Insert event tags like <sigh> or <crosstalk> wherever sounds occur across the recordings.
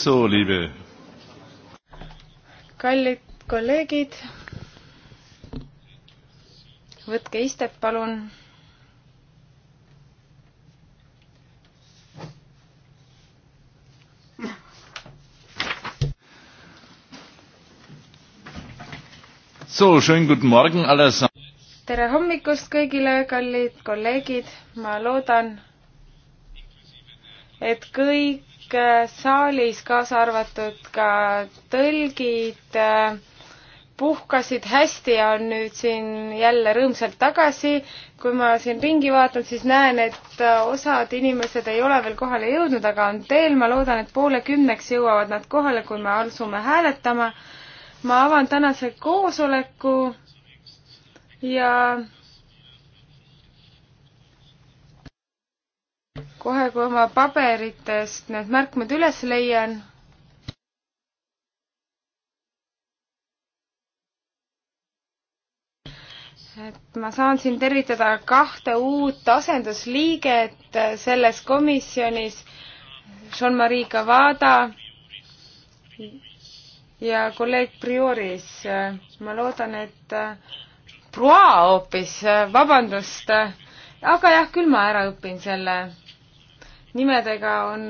So, liebe. kallid kolleegid, võtke istet, palun. So, schönen guten Morgen alles. tere hommikust kõigile, kallid kolleegid, ma loodan, et kõik kõik äh, saalis, kaasa arvatud ka tõlgid, äh, puhkasid hästi ja on nüüd siin jälle rõõmsalt tagasi. kui ma siin ringi vaatan, siis näen, et äh, osad inimesed ei ole veel kohale jõudnud, aga on teel. ma loodan, et poole kümneks jõuavad nad kohale, kui me asume hääletama. ma avan tänase koosoleku ja kohe, kui oma paberitest need märkmed üles leian et ma saan siin tervitada kahte uut asendusliiget selles komisjonis, Jean-Marie Cavada ja kolleeg Prioris. ma loodan, et proa hoopis, vabandust, aga jah, küll ma ära õpin selle nimedega on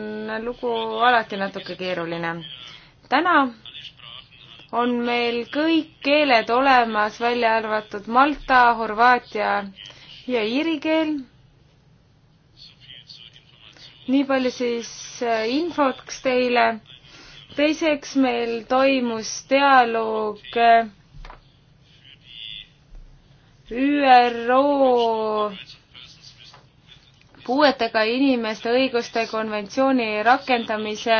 lugu alati natuke keeruline. täna on meil kõik keeled olemas, välja arvatud malta, horvaatia ja iiri keel. nii palju siis äh, infoks teile. teiseks meil toimus dialoog äh, ÜRO puuetega inimeste õiguste konventsiooni rakendamise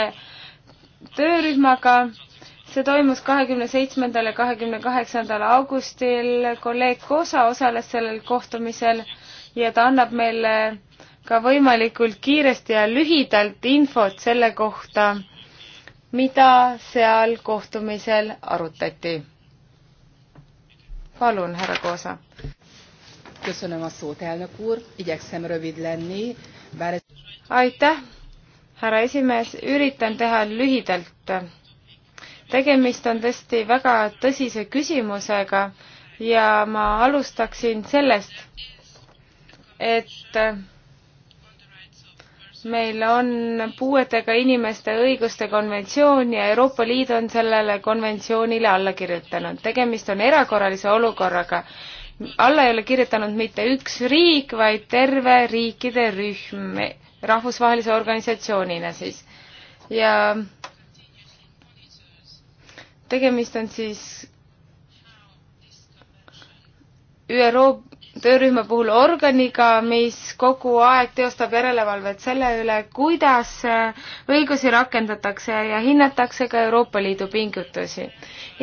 töörühmaga. see toimus kahekümne seitsmendal ja kahekümne kaheksandal augustil. kolleeg Kosa osales sellel kohtumisel ja ta annab meile ka võimalikult kiiresti ja lühidalt infot selle kohta, mida seal kohtumisel arutati. palun, härra Koosa Köszönöm a szót, elnök úr. Igyekszem rövid lenni, bár ez... Aitäh, härra esimees, üritan teha lühidalt. tegemist on tõesti väga tõsise küsimusega ja ma alustaksin sellest, et meil on puuetega inimeste õiguste konventsioon ja Euroopa Liit on sellele konventsioonile alla kirjutanud. tegemist on erakorralise olukorraga alla ei ole kirjutanud mitte üks riik, vaid terve riikide rühm rahvusvahelise organisatsioonina siis. ja tegemist on siis ÜRO töörühma puhul organiga, mis kogu aeg teostab järelevalvet selle üle, kuidas õigusi rakendatakse ja hinnatakse ka Euroopa Liidu pingutusi.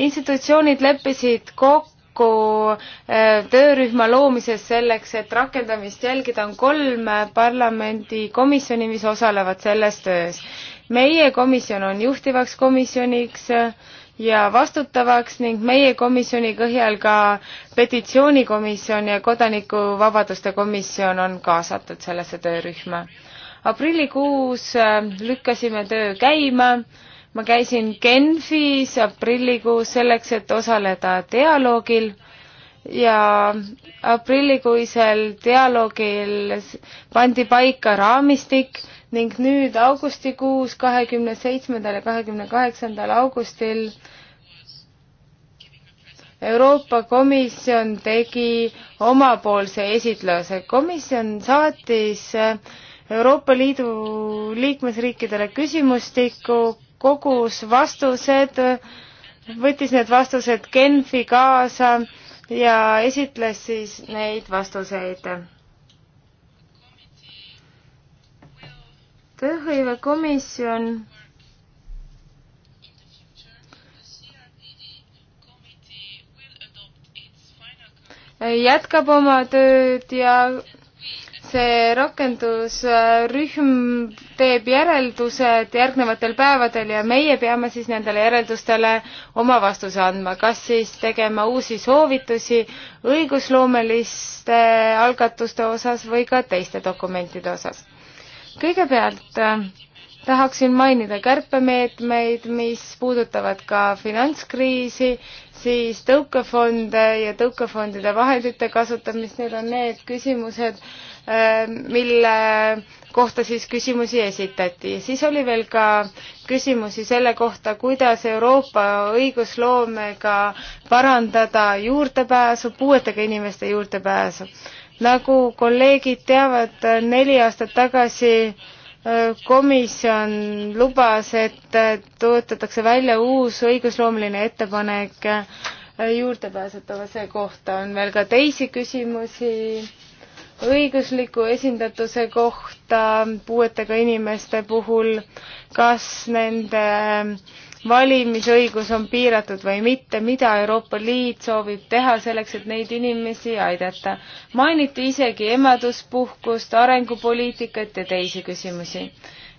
institutsioonid leppisid kokku kokku eh, töörühma loomises selleks, et rakendamist jälgida, on kolm parlamendikomisjoni, mis osalevad selles töös. meie komisjon on juhtivaks komisjoniks eh, ja vastutavaks ning meie komisjoni põhjal ka petitsioonikomisjon ja kodanikuvabaduste komisjon on kaasatud sellesse töörühma aprillikuus eh, lükkasime töö käima ma käisin Genfis aprillikuus selleks, et osaleda dialoogil ja aprillikuisel dialoogil pandi paika raamistik ning nüüd augustikuus, kahekümne seitsmendal ja kahekümne kaheksandal augustil Euroopa Komisjon tegi omapoolse esitluse. komisjon saatis Euroopa Liidu liikmesriikidele küsimustiku kogus vastused, võttis need vastused Genfi kaasa ja esitles siis neid vastuseid. tööhõivekomisjon jätkab oma tööd ja see rakendusrühm teeb järeldused järgnevatel päevadel ja meie peame siis nendele järeldustele oma vastuse andma, kas siis tegema uusi soovitusi õigusloomeliste algatuste osas või ka teiste dokumentide osas. kõigepealt äh, tahaksin mainida kärpemeetmeid, mis puudutavad ka finantskriisi, siis tõukefonde ja tõukefondide vahendite kasutamist, need on need küsimused, äh, mille kohta siis küsimusi esitati. siis oli veel ka küsimusi selle kohta, kuidas Euroopa õigusloomega parandada juurdepääsu, puuetega inimeste juurdepääsu. nagu kolleegid teavad, neli aastat tagasi komisjon lubas, et töötatakse välja uus õigusloomeline ettepanek juurdepääsetavuse kohta. on veel ka teisi küsimusi õigusliku esindatuse kohta puuetega inimeste puhul, kas nende valimisõigus on piiratud või mitte, mida Euroopa Liit soovib teha selleks, et neid inimesi aidata. mainiti isegi emaduspuhkust, arengupoliitikat ja teisi küsimusi.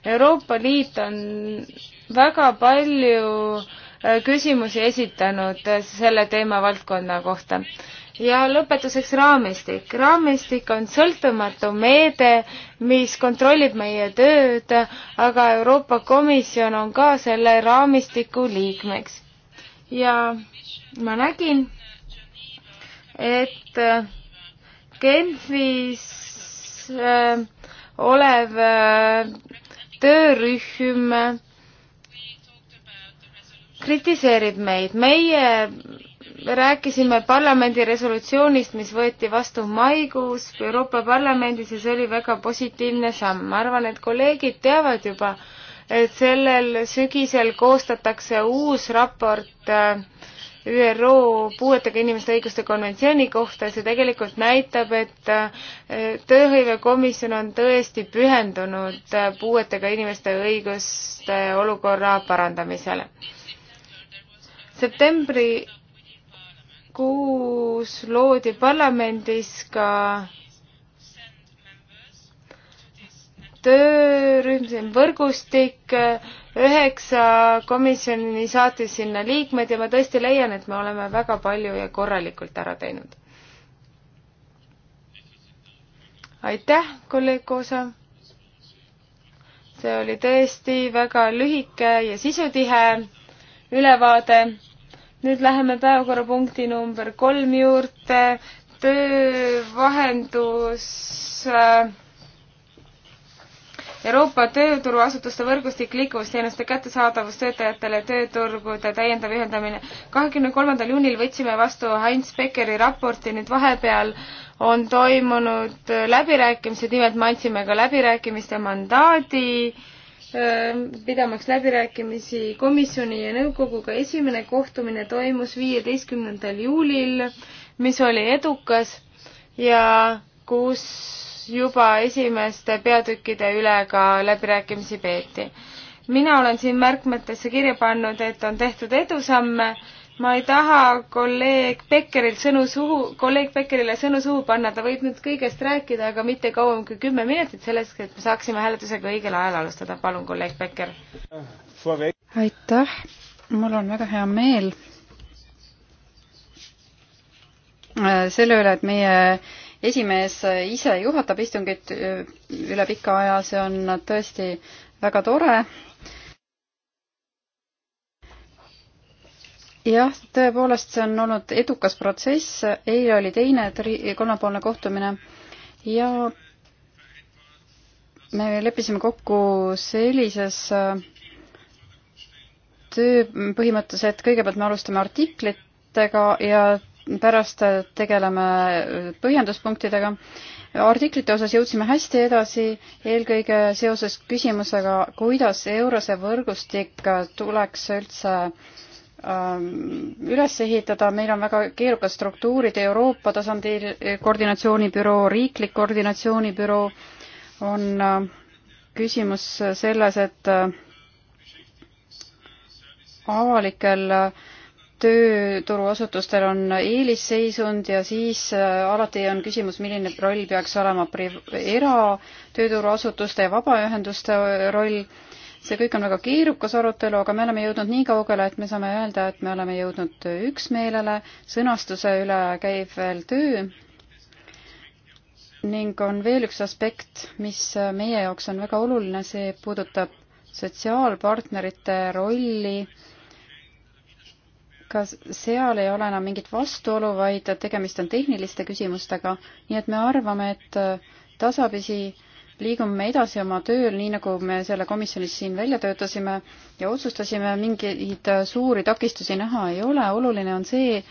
Euroopa Liit on väga palju äh, küsimusi esitanud äh, selle teemavaldkonna kohta ja lõpetuseks raamistik. raamistik on sõltumatu meede, mis kontrollib meie tööd, aga Euroopa Komisjon on ka selle raamistiku liikmeks. ja ma nägin, et äh, Genfis äh, olev äh, töörühm kritiseerib meid. meie rääkisime parlamendi resolutsioonist, mis võeti vastu maikuus Euroopa Parlamendis ja see oli väga positiivne samm. ma arvan, et kolleegid teavad juba, et sellel sügisel koostatakse uus raport äh, ÜRO puuetega inimeste õiguste konventsiooni kohta ja see tegelikult näitab, et äh, tööhõivekomisjon on tõesti pühendunud äh, puuetega inimeste õiguste olukorra parandamisele. septembri kuus loodi parlamendis ka töörühm, see on võrgustik, üheksa komisjoni saatis sinna liikmed ja ma tõesti leian, et me oleme väga palju ja korralikult ära teinud. aitäh, kolleeg Koosa. see oli tõesti väga lühike ja sisutihe ülevaade nüüd läheme päevakorrapunkti number kolm juurde, töövahendus äh, Euroopa tööturuasutuste võrgustik liikuvusteenuste kättesaadavus töötajatele tööturgude täiendav ühendamine. kahekümne kolmandal juunil võtsime vastu Heinz Beckeri raporti, nüüd vahepeal on toimunud läbirääkimised, nimelt me andsime ka läbirääkimiste mandaadi äh, Äh, pidamaks läbirääkimisi komisjoni ja nõukoguga. esimene kohtumine toimus viieteistkümnendal juulil, mis oli edukas ja kus juba esimeste peatükkide üle ka läbirääkimisi peeti. mina olen siin märkmetesse kirja pannud, et on tehtud edusamme ma ei taha kolleeg Beckerilt sõnu suhu, kolleeg Beckerile sõnu suhu panna, ta võib nüüd kõigest rääkida, aga mitte kauem kui kümme minutit selleks, et me saaksime hääletusega õigel ajal alustada. palun, kolleeg Becker. aitäh, mul on väga hea meel äh, selle üle, et meie esimees ise juhatab istungit äh, üle pika aja, see on tõesti väga tore jah, tõepoolest, see on olnud edukas protsess, eile oli teine tri-, kolmepoolne kohtumine ja me leppisime kokku sellises äh, tööpõhimõttes, et kõigepealt me alustame artiklitega ja pärast tegeleme põhjenduspunktidega. artiklite osas jõudsime hästi edasi, eelkõige seoses küsimusega, kuidas Eurose võrgustik tuleks üldse Ähm, üles ehitada, meil on väga keerukad struktuurid Euroopa tasandil, koordinatsioonibüroo, riiklik koordinatsioonibüroo, on äh, küsimus selles, et äh, avalikel äh, tööturuasutustel on eelisseisund ja siis alati on küsimus, milline roll peaks olema era-, tööturuasutuste ja vabaühenduste roll see kõik on väga keerukas arutelu, aga me oleme jõudnud nii kaugele, et me saame öelda, et me oleme jõudnud üksmeelele, sõnastuse üle käib veel töö ning on veel üks aspekt, mis meie jaoks on väga oluline, see puudutab sotsiaalpartnerite rolli kas seal ei ole enam mingit vastuolu, vaid tegemist on tehniliste küsimustega, nii et me arvame, et tasapisi liigume edasi oma tööl, nii nagu me selle komisjonis siin välja töötasime ja otsustasime, mingeid suuri takistusi näha ei ole, oluline on see,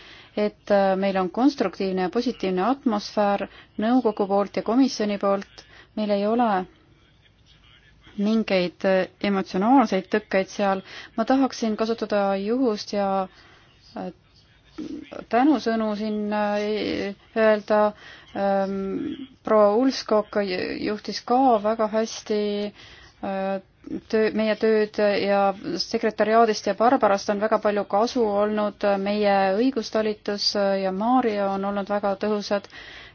et meil on konstruktiivne ja positiivne atmosfäär nõukogu poolt ja komisjoni poolt, meil ei ole mingeid emotsionaalseid tõkkeid seal, ma tahaksin kasutada juhust ja tänusõnu siin äh, öelda. Ähm, proua Ulskog juhtis ka väga hästi äh, töö, meie tööd ja sekretäriaadist ja Barbarast on väga palju kasu olnud, meie õigustalitus ja Maarja on olnud väga tõhusad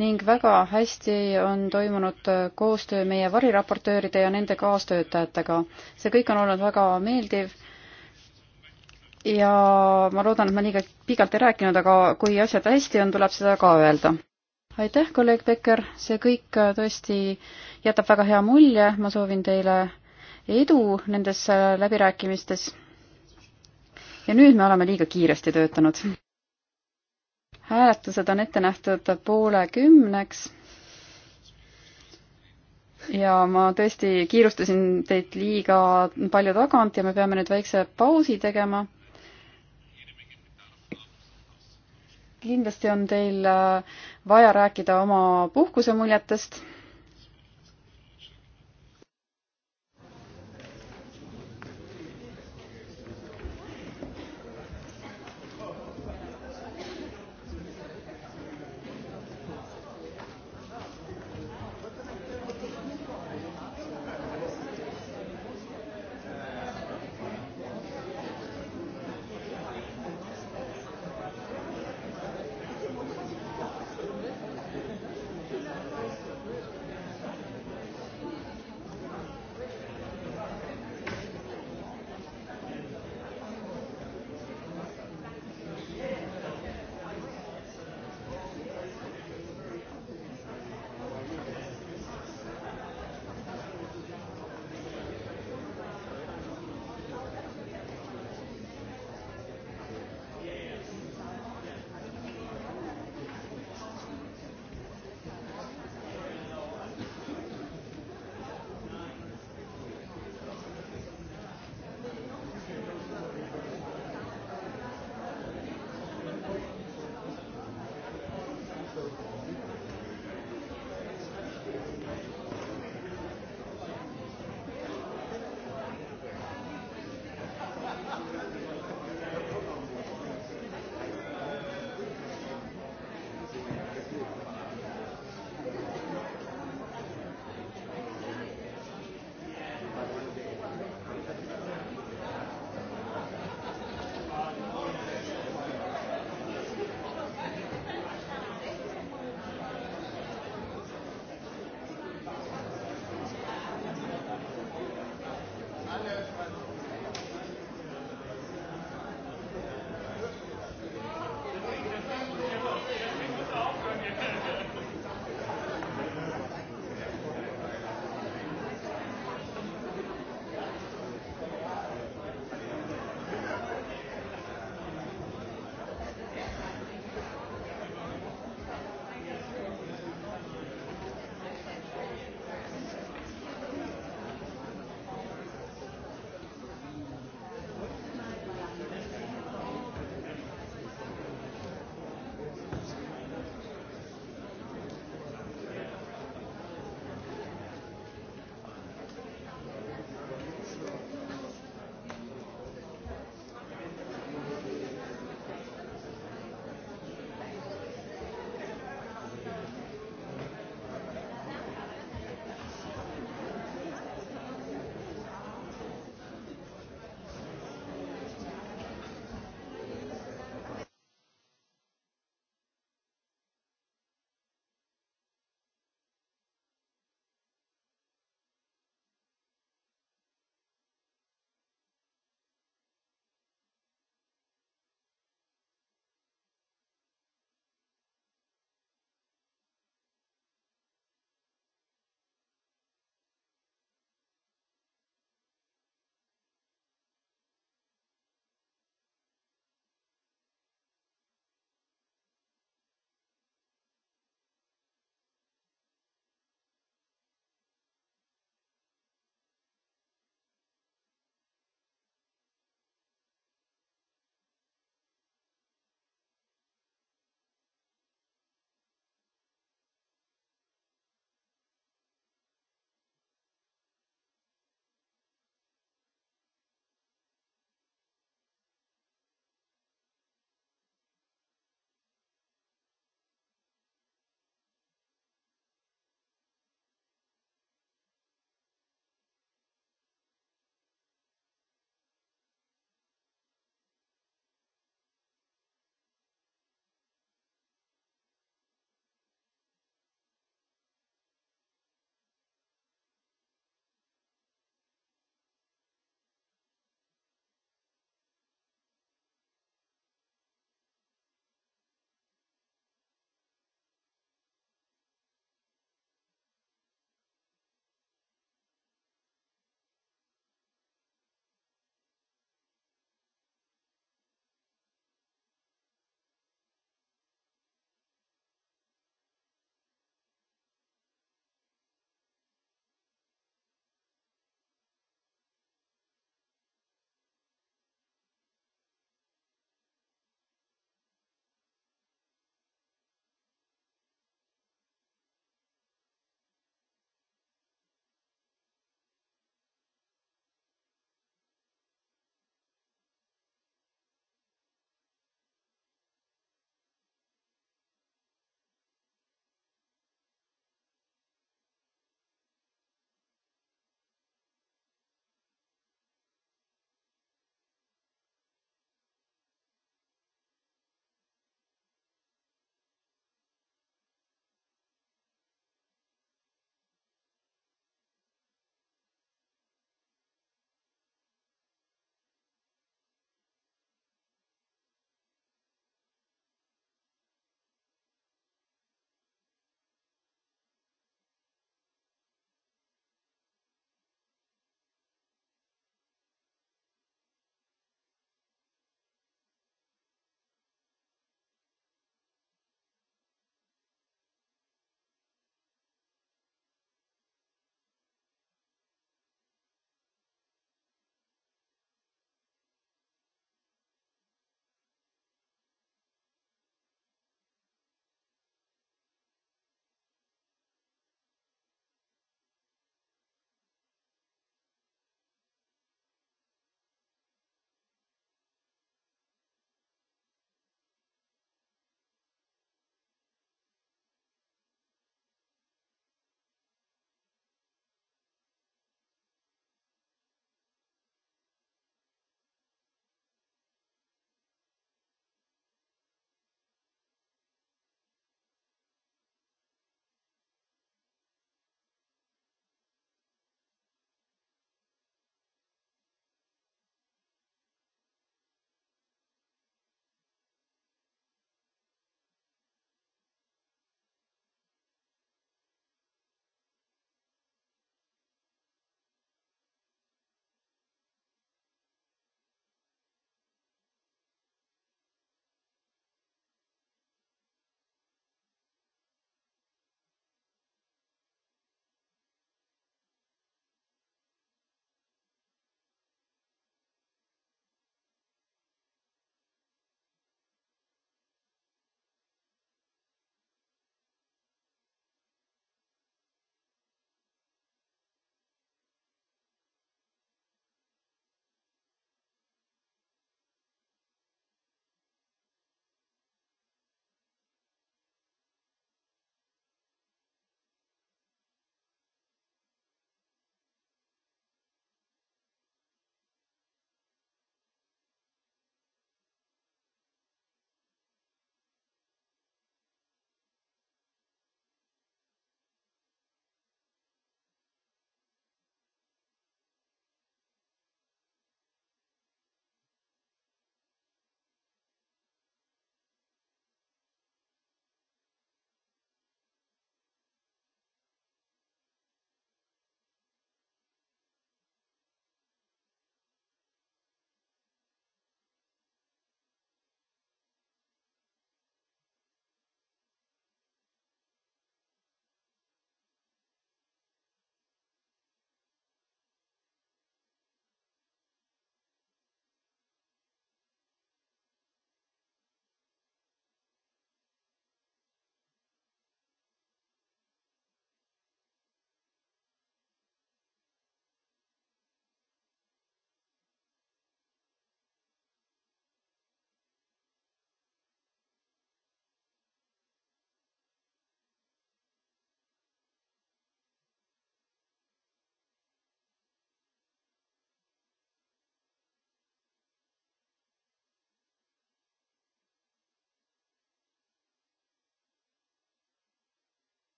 ning väga hästi on toimunud koostöö meie variraportööride ja nende kaastöötajatega. see kõik on olnud väga meeldiv ja ma loodan, et ma liiga pikalt ei rääkinud, aga kui asjad hästi on, tuleb seda ka öelda. aitäh, kolleeg Becker, see kõik äh, tõesti jätab väga hea mulje, ma soovin teile edu nendes äh, läbirääkimistes. ja nüüd me oleme liiga kiiresti töötanud. hääletused on ette nähtud poole kümneks ja ma tõesti kiirustasin teid liiga palju tagant ja me peame nüüd väikse pausi tegema kindlasti on teil äh, vaja rääkida oma puhkusemuljetest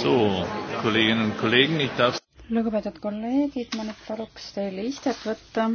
So, Kolleginnen und Kollegen, ich darf lugupeetud kolleegid, ma nüüd paluks teil istet võtta.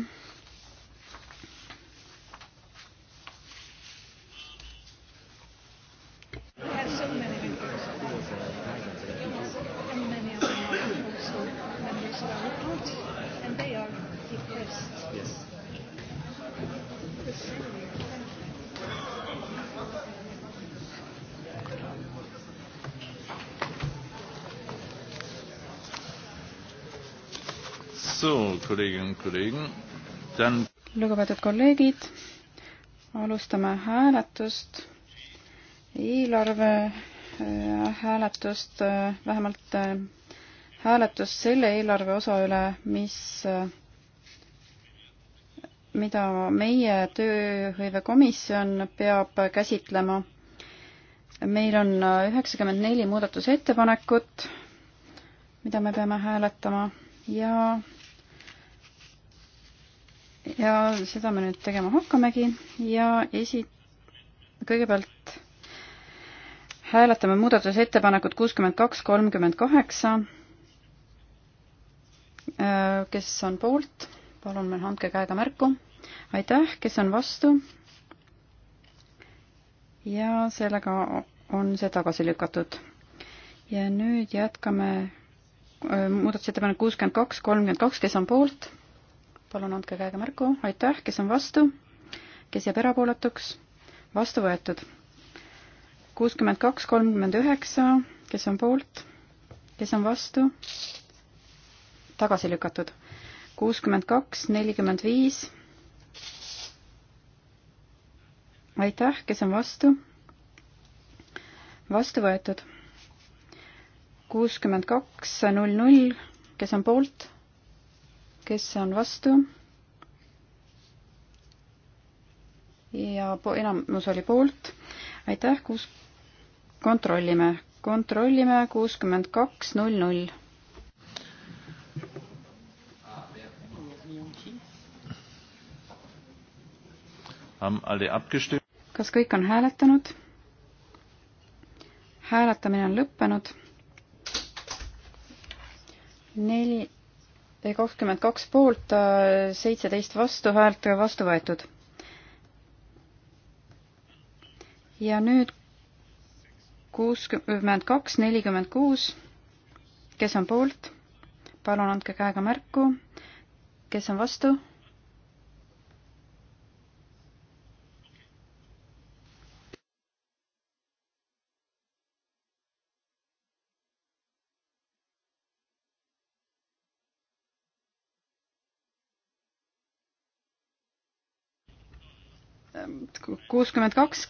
lugupeetud kolleegid, alustame hääletust, eelarve äh, hääletust, äh, vähemalt äh, hääletust selle eelarve osa üle, mis, mida meie tööhõivekomisjon peab käsitlema. meil on üheksakümmend neli muudatusettepanekut, mida me peame hääletama ja ja seda me nüüd tegema hakkamegi ja esi-, kõigepealt hääletame muudatusettepanekut kuuskümmend kaks, kolmkümmend kaheksa. Äh, kes on poolt, palun meil andke käega märku. aitäh, kes on vastu? ja sellega on see tagasi lükatud. ja nüüd jätkame äh, muudatusettepanek kuuskümmend kaks, kolmkümmend kaks, kes on poolt? palun andke käega märku, aitäh, kes on vastu, kes jääb erapooletuks, vastu võetud. kuuskümmend kaks, kolmkümmend üheksa, kes on poolt, kes on vastu, tagasi lükatud. kuuskümmend kaks, nelikümmend viis, aitäh, kes on vastu, vastu võetud. kuuskümmend kaks, null null, kes on poolt kes on vastu? ja po-, enamus oli poolt. aitäh, kuus, kontrollime, kontrollime kuuskümmend kaks, null, null. kas kõik on hääletanud? hääletamine on lõppenud. neli kakskümmend kaks poolt, äh, seitseteist vastuhäält äh, vastu võetud. ja nüüd kuuskümmend kaks, nelikümmend kuus. kes on poolt? palun andke käega märku. kes on vastu? kuuskümmend kaks,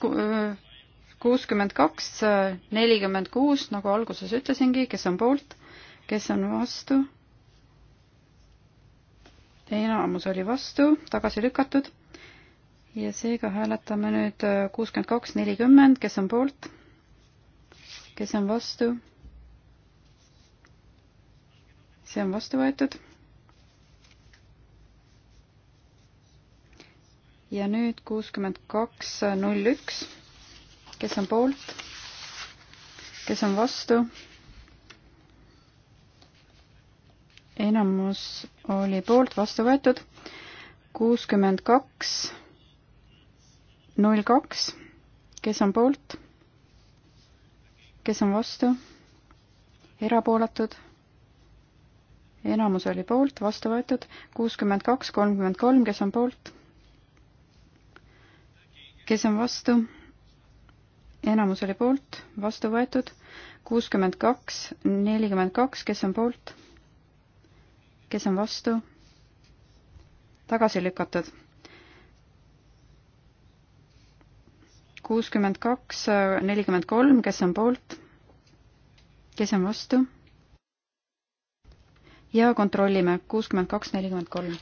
kuuskümmend kaks, nelikümmend kuus, nagu alguses ütlesingi, kes on poolt, kes on vastu. enamus oli vastu, tagasi lükatud. ja seega hääletame nüüd kuuskümmend kaks, nelikümmend, kes on poolt, kes on vastu. see on vastu võetud ja nüüd kuuskümmend kaks null üks, kes on poolt, kes on vastu. enamus oli poolt, vastu võetud. kuuskümmend kaks null kaks, kes on poolt, kes on vastu, erapooletud enamus oli poolt, vastu võetud kuuskümmend kaks, kolmkümmend kolm, kes on poolt, kes on vastu? enamus oli poolt, vastu võetud kuuskümmend kaks, nelikümmend kaks, kes on poolt? kes on vastu? tagasi lükatud. kuuskümmend kaks, nelikümmend kolm, kes on poolt? kes on vastu? ja kontrollime, kuuskümmend kaks, nelikümmend kolm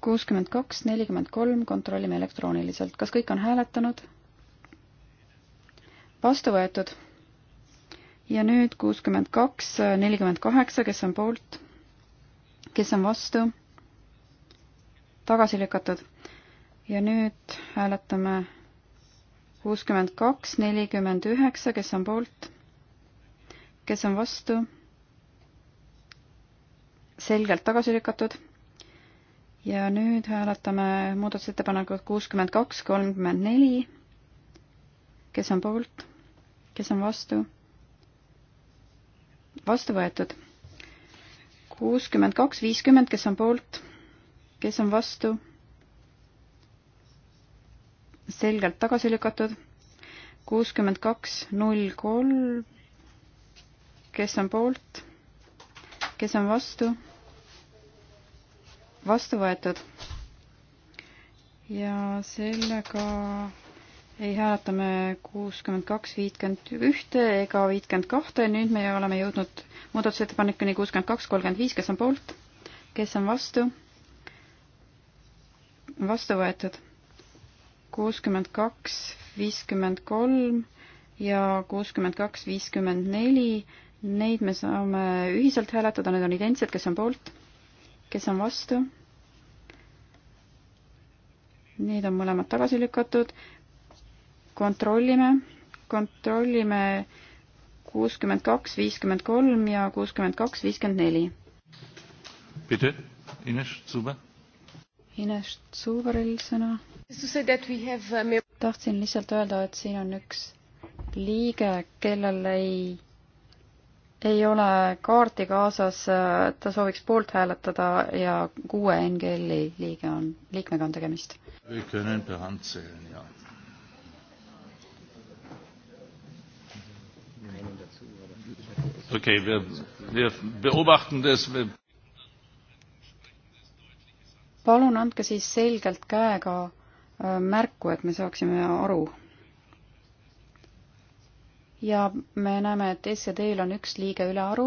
kuuskümmend kaks, nelikümmend kolm, kontrollime elektrooniliselt. kas kõik on hääletanud? vastu võetud. ja nüüd kuuskümmend kaks, nelikümmend kaheksa, kes on poolt, kes on vastu? tagasi lükatud. ja nüüd hääletame kuuskümmend kaks, nelikümmend üheksa, kes on poolt, kes on vastu selgelt tagasi lükatud. ja nüüd hääletame muudatusettepanekut kuuskümmend kaks, kolmkümmend neli. kes on poolt, kes on vastu? vastu võetud. kuuskümmend kaks, viiskümmend, kes on poolt, kes on vastu? selgelt tagasi lükatud. kuuskümmend kaks, null kolm, kes on poolt kes on vastu? vastu võetud. ja sellega ei hääleta me kuuskümmend kaks, viitkümmend ühte ega viitkümmend kahte, nüüd me oleme jõudnud muudatusettepanekuni kuuskümmend kaks, kolmkümmend viis, kes on poolt, kes on vastu? vastu võetud. kuuskümmend kaks, viiskümmend kolm ja kuuskümmend kaks, viiskümmend neli Neid me saame ühiselt hääletada, need on identsed, kes on poolt, kes on vastu. Need on mõlemad tagasi lükatud. kontrollime, kontrollime kuuskümmend kaks, viiskümmend kolm ja kuuskümmend kaks, viiskümmend neli. Bitte, Ines Zuber. Ines Zuberil sõna. Uh, tahtsin lihtsalt öelda, et siin on üks liige, kellel ei ei ole kaarti kaasas, ta sooviks poolt hääletada ja kuue NGL-i liige on, liikmega on tegemist. okei okay,, me, me beobachten das me.... palun andke siis selgelt käega äh, märku, et me saaksime aru ja me näeme, et SED-l on üks liige ülearu,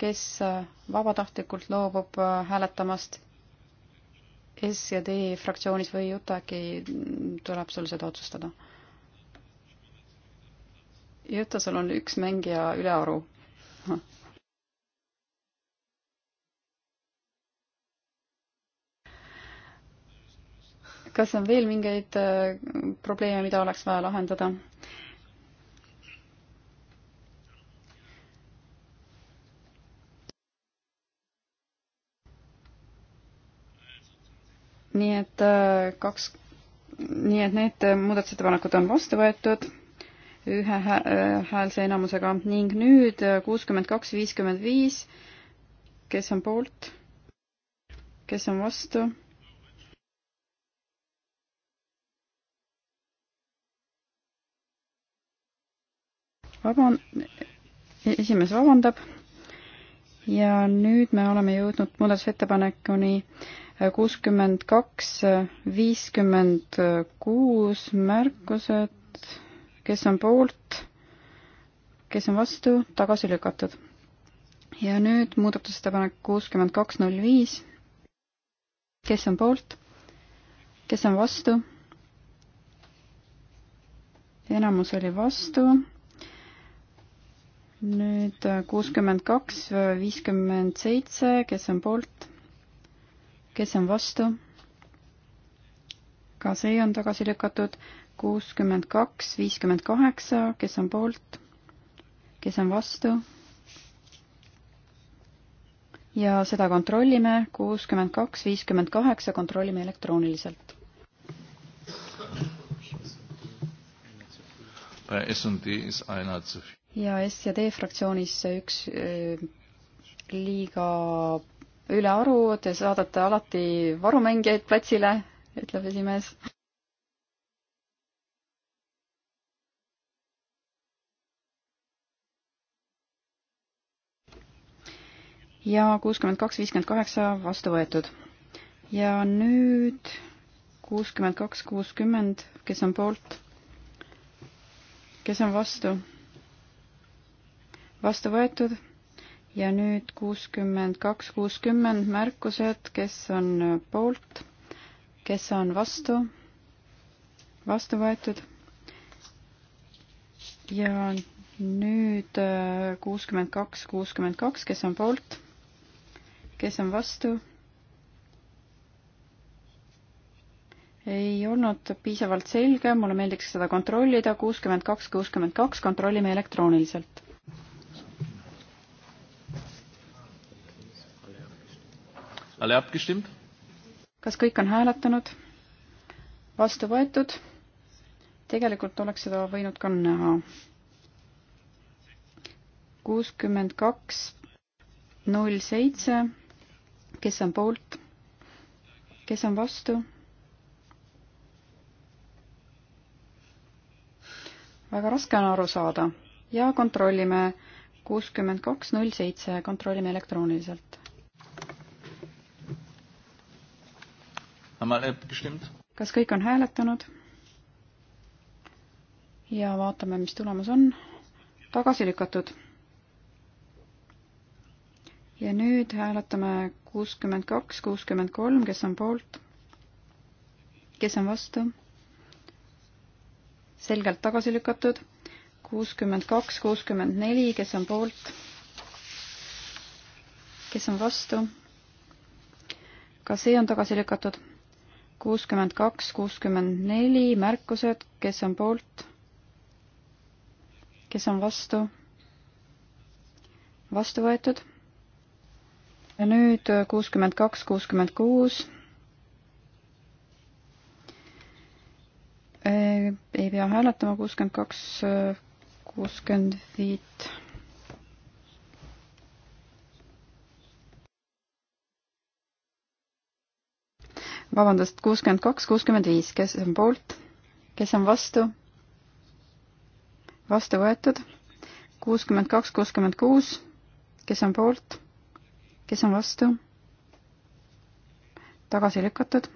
kes äh, vabatahtlikult loobub äh, hääletamast SED fraktsioonis või Juta, äkki mm, tuleb sul seda otsustada? Juta, sul on üks mängija ülearu <laughs> kas on veel mingeid äh, probleeme, mida oleks vaja lahendada? nii et äh, kaks, nii et need muudatusettepanekud on vastu võetud ühe äh, häälse enamusega ning nüüd äh, kuuskümmend kaks, viiskümmend viis, kes on poolt, kes on vastu vaban-, e-, esimees vabandab ja nüüd me oleme jõudnud muudatusettepanekuni äh, kuuskümmend kaks, äh, viiskümmend kuus märkused, kes on poolt, kes on vastu, tagasi lükatud. ja nüüd muudatusettepanek kuuskümmend kaks null viis, kes on poolt, kes on vastu, enamus oli vastu nüüd äh, kuuskümmend kaks, äh, viiskümmend seitse, kes on poolt, kes on vastu? ka see on tagasi lükatud. kuuskümmend kaks, viiskümmend kaheksa, kes on poolt, kes on vastu? ja seda kontrollime, kuuskümmend kaks, viiskümmend kaheksa, kontrollime elektrooniliselt. Bei S&D ist einer zu viel ja S ja D fraktsioonis üks äh, liiga ülearu, te saadate alati varumängijaid platsile, ütleb esimees. ja kuuskümmend kaks, viiskümmend kaheksa vastu võetud. ja nüüd kuuskümmend kaks, kuuskümmend, kes on poolt, kes on vastu vastu võetud ja nüüd kuuskümmend kaks, kuuskümmend märkused, kes on poolt, kes on vastu, vastu võetud. ja nüüd äh, kuuskümmend kaks, kuuskümmend kaks, kes on poolt, kes on vastu ei olnud piisavalt selge, mulle meeldiks seda kontrollida, kuuskümmend kaks, kuuskümmend kaks, kontrollime elektrooniliselt. Alle abgestimmt? kas kõik on hääletanud? vastu võetud. tegelikult oleks seda võinud ka näha. kuuskümmend kaks null seitse, kes on poolt, kes on vastu? väga raske on aru saada ja kontrollime kuuskümmend kaks null seitse, kontrollime elektrooniliselt. kas kõik on hääletanud? ja vaatame, mis tulemus on. tagasi lükatud. ja nüüd hääletame kuuskümmend kaks, kuuskümmend kolm, kes on poolt, kes on vastu. selgelt tagasi lükatud. kuuskümmend kaks, kuuskümmend neli, kes on poolt, kes on vastu. ka see on tagasi lükatud kuuskümmend kaks, kuuskümmend neli, märkused, kes on poolt, kes on vastu, vastu võetud. ja nüüd kuuskümmend kaks, kuuskümmend kuus. ei pea hääletama, kuuskümmend kaks, kuuskümmend viit vabandust, kuuskümmend kaks, kuuskümmend viis, kes on poolt, kes on vastu? vastu võetud. kuuskümmend kaks, kuuskümmend kuus, kes on poolt, kes on vastu? tagasi lükatud.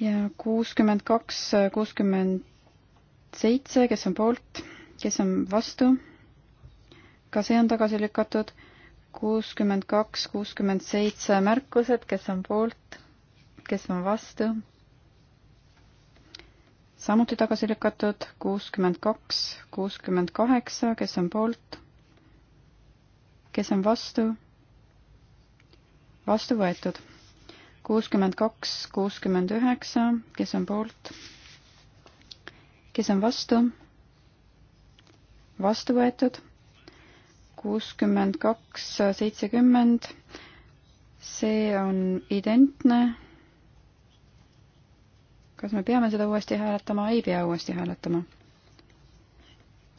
ja kuuskümmend kaks, kuuskümmend seitse, kes on poolt, kes on vastu? ka see on tagasi lükatud kuuskümmend kaks, kuuskümmend seitse märkused, kes on poolt, kes on vastu. samuti tagasi lükatud kuuskümmend kaks, kuuskümmend kaheksa, kes on poolt, kes on vastu, vastu võetud. kuuskümmend kaks, kuuskümmend üheksa, kes on poolt, kes on vastu, vastu võetud kuuskümmend kaks, seitsekümmend, see on identne. kas me peame seda uuesti hääletama? ei pea uuesti hääletama.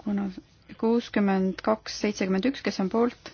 kuna kuuskümmend kaks, seitsekümmend üks, kes on poolt,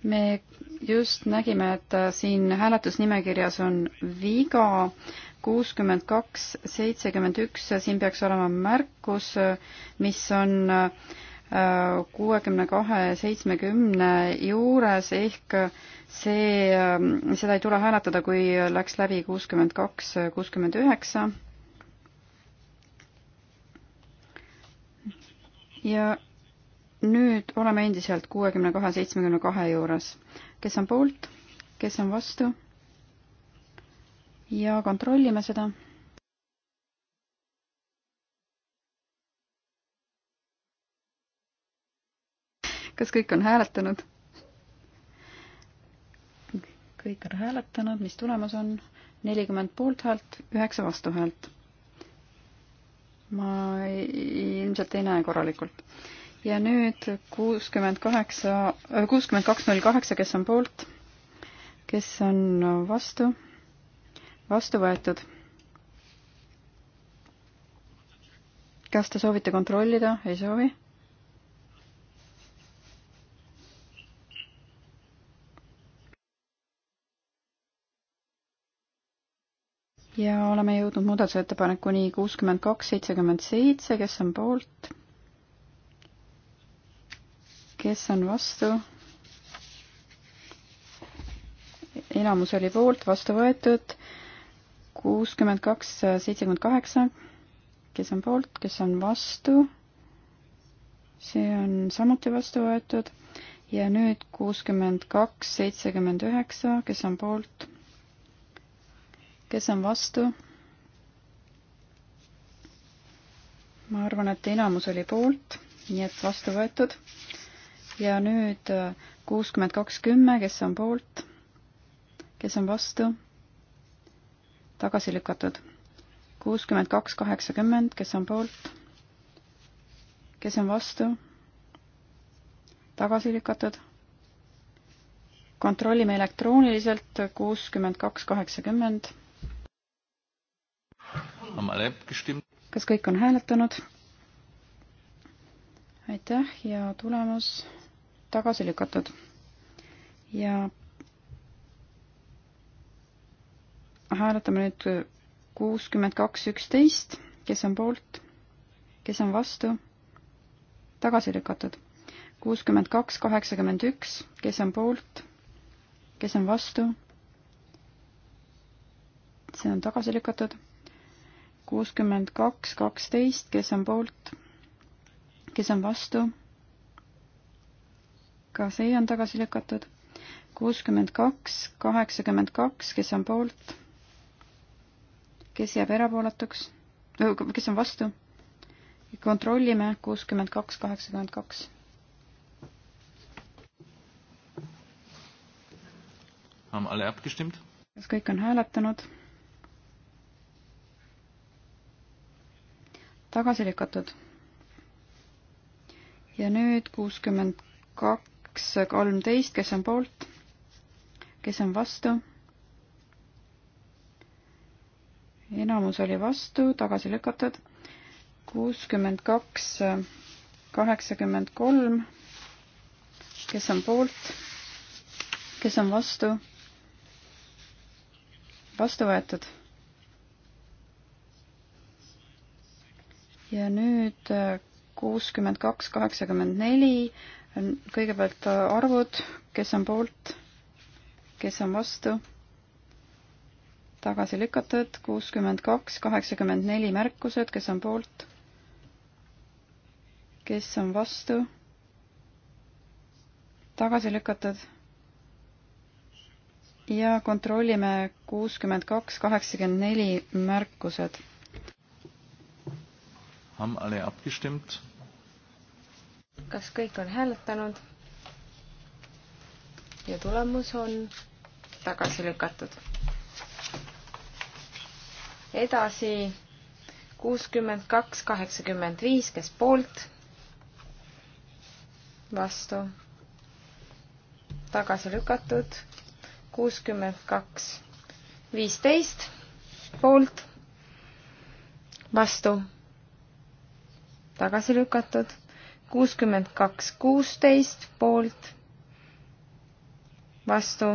me just nägime, et äh, siin hääletusnimekirjas on viga kuuskümmend kaks, seitsekümmend üks, siin peaks olema märkus, mis on äh, kuuekümne kahe, seitsmekümne juures ehk see, äh, seda ei tule hääletada, kui läks läbi kuuskümmend kaks, kuuskümmend üheksa. ja nüüd oleme endiselt kuuekümne kahe, seitsmekümne kahe juures. kes on poolt, kes on vastu? ja kontrollime seda. kas kõik on hääletanud? kõik on hääletanud, mis tulemus on? nelikümmend poolthäält, üheksa vastuhäält. ma ilmselt ei näe korralikult ja nüüd kuuskümmend kaheksa, äh, kuuskümmend kaks null kaheksa, kes on poolt, kes on vastu, vastu võetud. kas te soovite kontrollida, ei soovi? ja oleme jõudnud muudatusettepanekuni kuuskümmend kaks, seitsekümmend seitse, kes on poolt? kes on vastu? enamus oli poolt, vastu võetud kuuskümmend kaks, seitsekümmend kaheksa. kes on poolt, kes on vastu? see on samuti vastu võetud ja nüüd kuuskümmend kaks, seitsekümmend üheksa, kes on poolt, kes on vastu? ma arvan, et enamus oli poolt, nii et vastu võetud ja nüüd äh, kuuskümmend kaks kümme, kes on poolt, kes on vastu, tagasi lükatud. kuuskümmend kaks kaheksakümmend, kes on poolt, kes on vastu, tagasi lükatud. kontrollime elektrooniliselt kuuskümmend kaks kaheksakümmend. kas kõik on hääletanud? aitäh ja tulemus tagasi lükatud. ja hääletame nüüd kuuskümmend kaks üksteist, kes on poolt, kes on vastu, tagasi lükatud. kuuskümmend kaks kaheksakümmend üks, kes on poolt, kes on vastu, see on tagasi lükatud. kuuskümmend kaks kaksteist, kes on poolt, kes on vastu ka see on tagasi lükatud. kuuskümmend kaks, kaheksakümmend kaks, kes on poolt? kes jääb erapooletuks? kes on vastu? kontrollime kuuskümmend kaks, kaheksakümmend kaks. kas kõik on hääletanud? tagasi lükatud. ja nüüd kuuskümmend kaks kaks kolmteist, kes on poolt, kes on vastu. enamus oli vastu, tagasi lükatud. kuuskümmend kaks, kaheksakümmend kolm, kes on poolt, kes on vastu, vastu võetud ja nüüd kuuskümmend kaks, kaheksakümmend neli kõigepealt arvud, kes on poolt, kes on vastu, tagasi lükatud, kuuskümmend kaks, kaheksakümmend neli märkused, kes on poolt, kes on vastu, tagasi lükatud ja kontrollime kuuskümmend kaks, kaheksakümmend neli märkused. Haben alle abgestimmt? kas kõik on hääletanud? ja tulemus on tagasi lükatud. edasi kuuskümmend kaks, kaheksakümmend viis, kes poolt, vastu, tagasi lükatud, kuuskümmend kaks, viisteist, poolt, vastu, tagasi lükatud kuuskümmend kaks kuusteist poolt, vastu,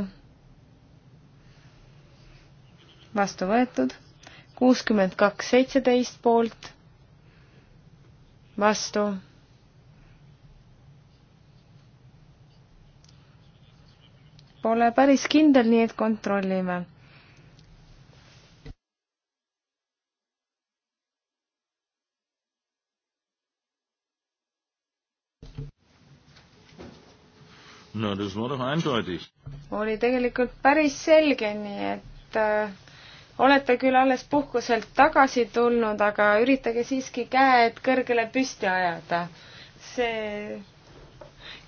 vastu võetud, kuuskümmend kaks seitseteist poolt, vastu, pole päris kindel, nii et kontrollime no das war doch eindeutig. oli tegelikult päris selge, nii et äh, olete küll alles puhkuselt tagasi tulnud, aga üritage siiski käed kõrgele püsti ajada. see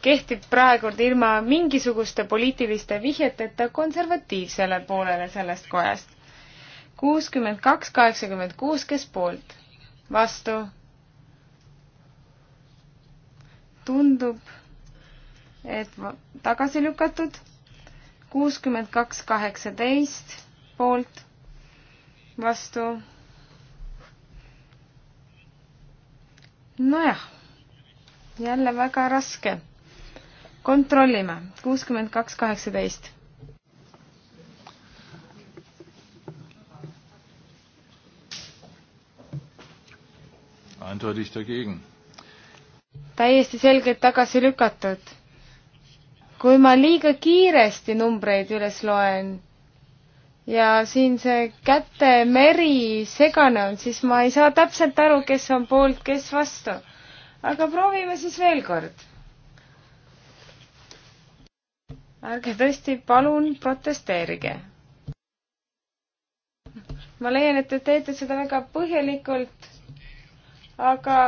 kehtib praegu ilma mingisuguste poliitiliste vihjeteta konservatiivsele poolele sellest kojast. kuuskümmend kaks, kaheksakümmend kuus, kes poolt? vastu? tundub et tagasi lükatud, kuuskümmend kaks kaheksateist poolt, vastu. nojah, jälle väga raske. kontrollime, kuuskümmend kaks kaheksateist. eindeutig dagegen. täiesti selgelt tagasi lükatud kui ma liiga kiiresti numbreid üles loen ja siin see käte meri segane on, siis ma ei saa täpselt aru, kes on poolt, kes vastu. aga proovime siis veel kord. ärge tõesti palun protesteerige. ma leian, et te teete seda väga põhjalikult, aga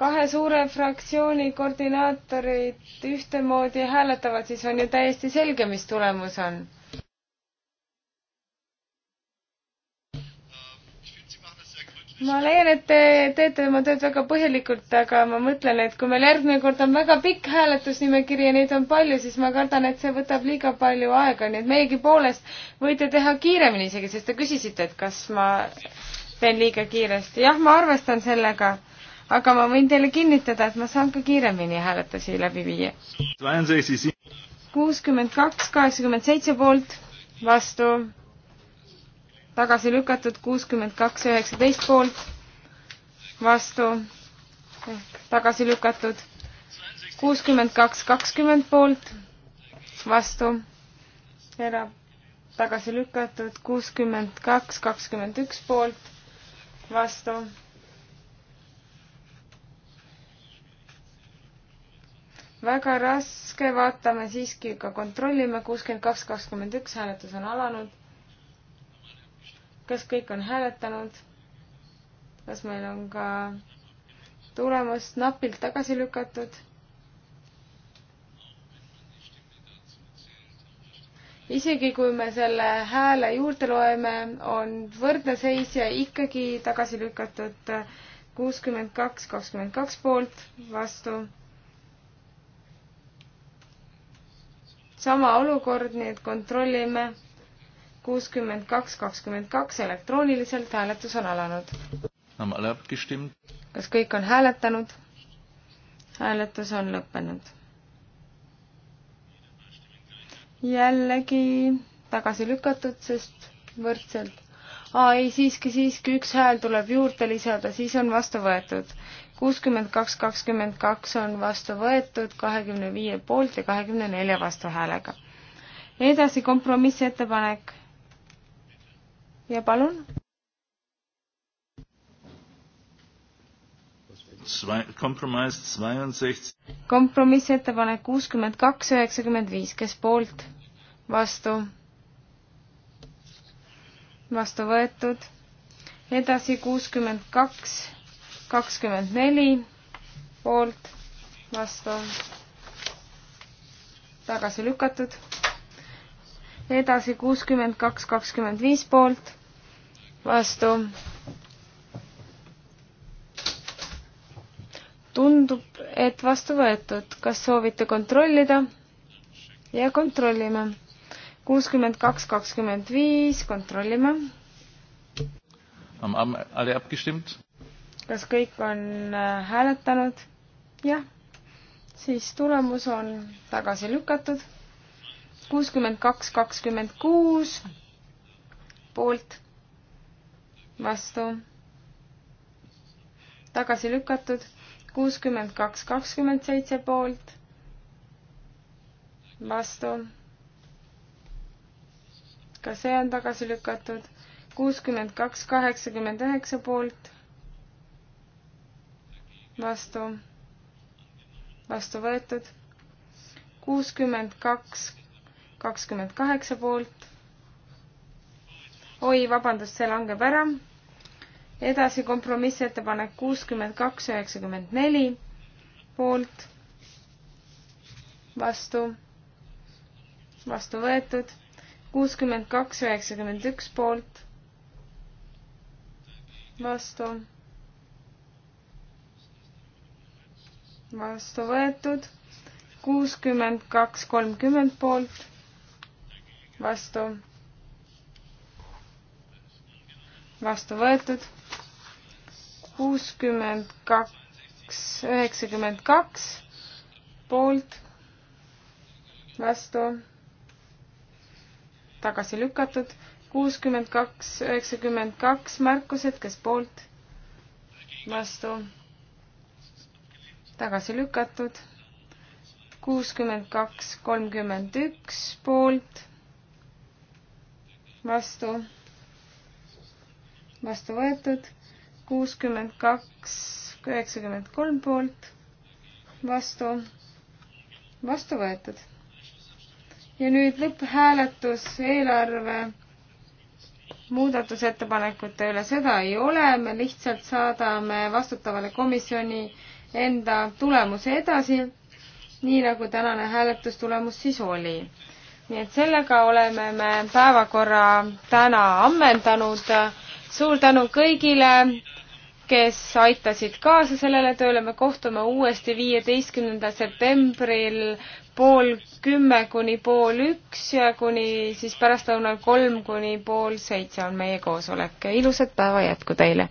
kahe suure fraktsiooni koordinaatorid ühtemoodi hääletavad, siis on ju täiesti selge, mis tulemus on. ma leian, et te teete oma tööd väga põhjalikult, aga ma mõtlen, et kui meil järgmine kord on väga pikk hääletusnimekiri ja neid on palju, siis ma kardan, et see võtab liiga palju aega, nii et meiegi poolest võite teha kiiremini isegi, sest te küsisite, et kas ma teen liiga kiiresti. jah, ma arvestan sellega aga ma võin teile kinnitada, et ma saan ka kiiremini hääletusi läbi viia. kuuskümmend kaks, kaheksakümmend seitse poolt, vastu, tagasi lükatud kuuskümmend kaks, üheksateist poolt, vastu, tagasi lükatud kuuskümmend kaks, kakskümmend poolt, vastu, era-, tagasi lükatud kuuskümmend kaks, kakskümmend üks poolt, vastu väga raske, vaatame siiski ka, kontrollime, kuuskümmend kaks, kakskümmend üks hääletus on alanud. kas kõik on hääletanud? kas meil on ka tulemus napilt tagasi lükatud? isegi kui me selle hääle juurde loeme, on võrdne seis ja ikkagi tagasi lükatud kuuskümmend kaks, kakskümmend kaks poolt, vastu sama olukord, nii et kontrollime kuuskümmend kaks, kakskümmend kaks elektrooniliselt, hääletus on alanud. kas kõik on hääletanud? hääletus on lõppenud. jällegi tagasi lükatud, sest võrdselt aa ei, siiski, siiski üks hääl tuleb juurde lisada, siis on vastu võetud. kuuskümmend kaks, kakskümmend kaks on vastu võetud kahekümne viie poolt ja kahekümne nelja vastuhäälega. edasi kompromissettepanek. ja palun. kompromissettepanek kuuskümmend kaks, üheksakümmend viis, kes poolt, vastu vastu võetud. edasi kuuskümmend kaks, kakskümmend neli poolt, vastu, tagasi lükatud. edasi kuuskümmend kaks, kakskümmend viis poolt, vastu. tundub, et vastu võetud, kas soovite kontrollida? ja kontrollime kuuskümmend kaks, kakskümmend viis, kontrollime. kas kõik on äh, hääletanud? jah, siis tulemus on tagasi lükatud. kuuskümmend kaks, kakskümmend kuus poolt, vastu, tagasi lükatud, kuuskümmend kaks, kakskümmend seitse poolt, vastu ka see on tagasi lükatud. kuuskümmend kaks, kaheksakümmend üheksa poolt, vastu, vastu võetud. kuuskümmend kaks, kakskümmend kaheksa poolt. oi, vabandust, see langeb ära. edasi kompromissettepanek kuuskümmend kaks, üheksakümmend neli poolt, vastu, vastu võetud kuuskümmend kaks, üheksakümmend üks poolt, vastu, vastu võetud, kuuskümmend kaks, kolmkümmend poolt, vastu, vastu võetud, kuuskümmend kaks, üheksakümmend kaks poolt, vastu tagasi lükatud, kuuskümmend kaks, üheksakümmend kaks märkused, kes poolt, vastu, tagasi lükatud, kuuskümmend kaks, kolmkümmend üks poolt, vastu, vastu võetud, kuuskümmend kaks, üheksakümmend kolm poolt, vastu, vastu võetud ja nüüd lõpphääletus eelarve muudatusettepanekute üle, seda ei ole, me lihtsalt saadame vastutavale komisjoni enda tulemuse edasi, nii nagu tänane hääletustulemus siis oli. nii et sellega oleme me päevakorra täna ammendanud. suur tänu kõigile, kes aitasid kaasa sellele tööle, me kohtume uuesti viieteistkümnendal septembril pool kümme kuni pool üks ja kuni siis pärastlõunal kolm kuni pool seitse on meie koosolek. ilusat päeva jätku teile!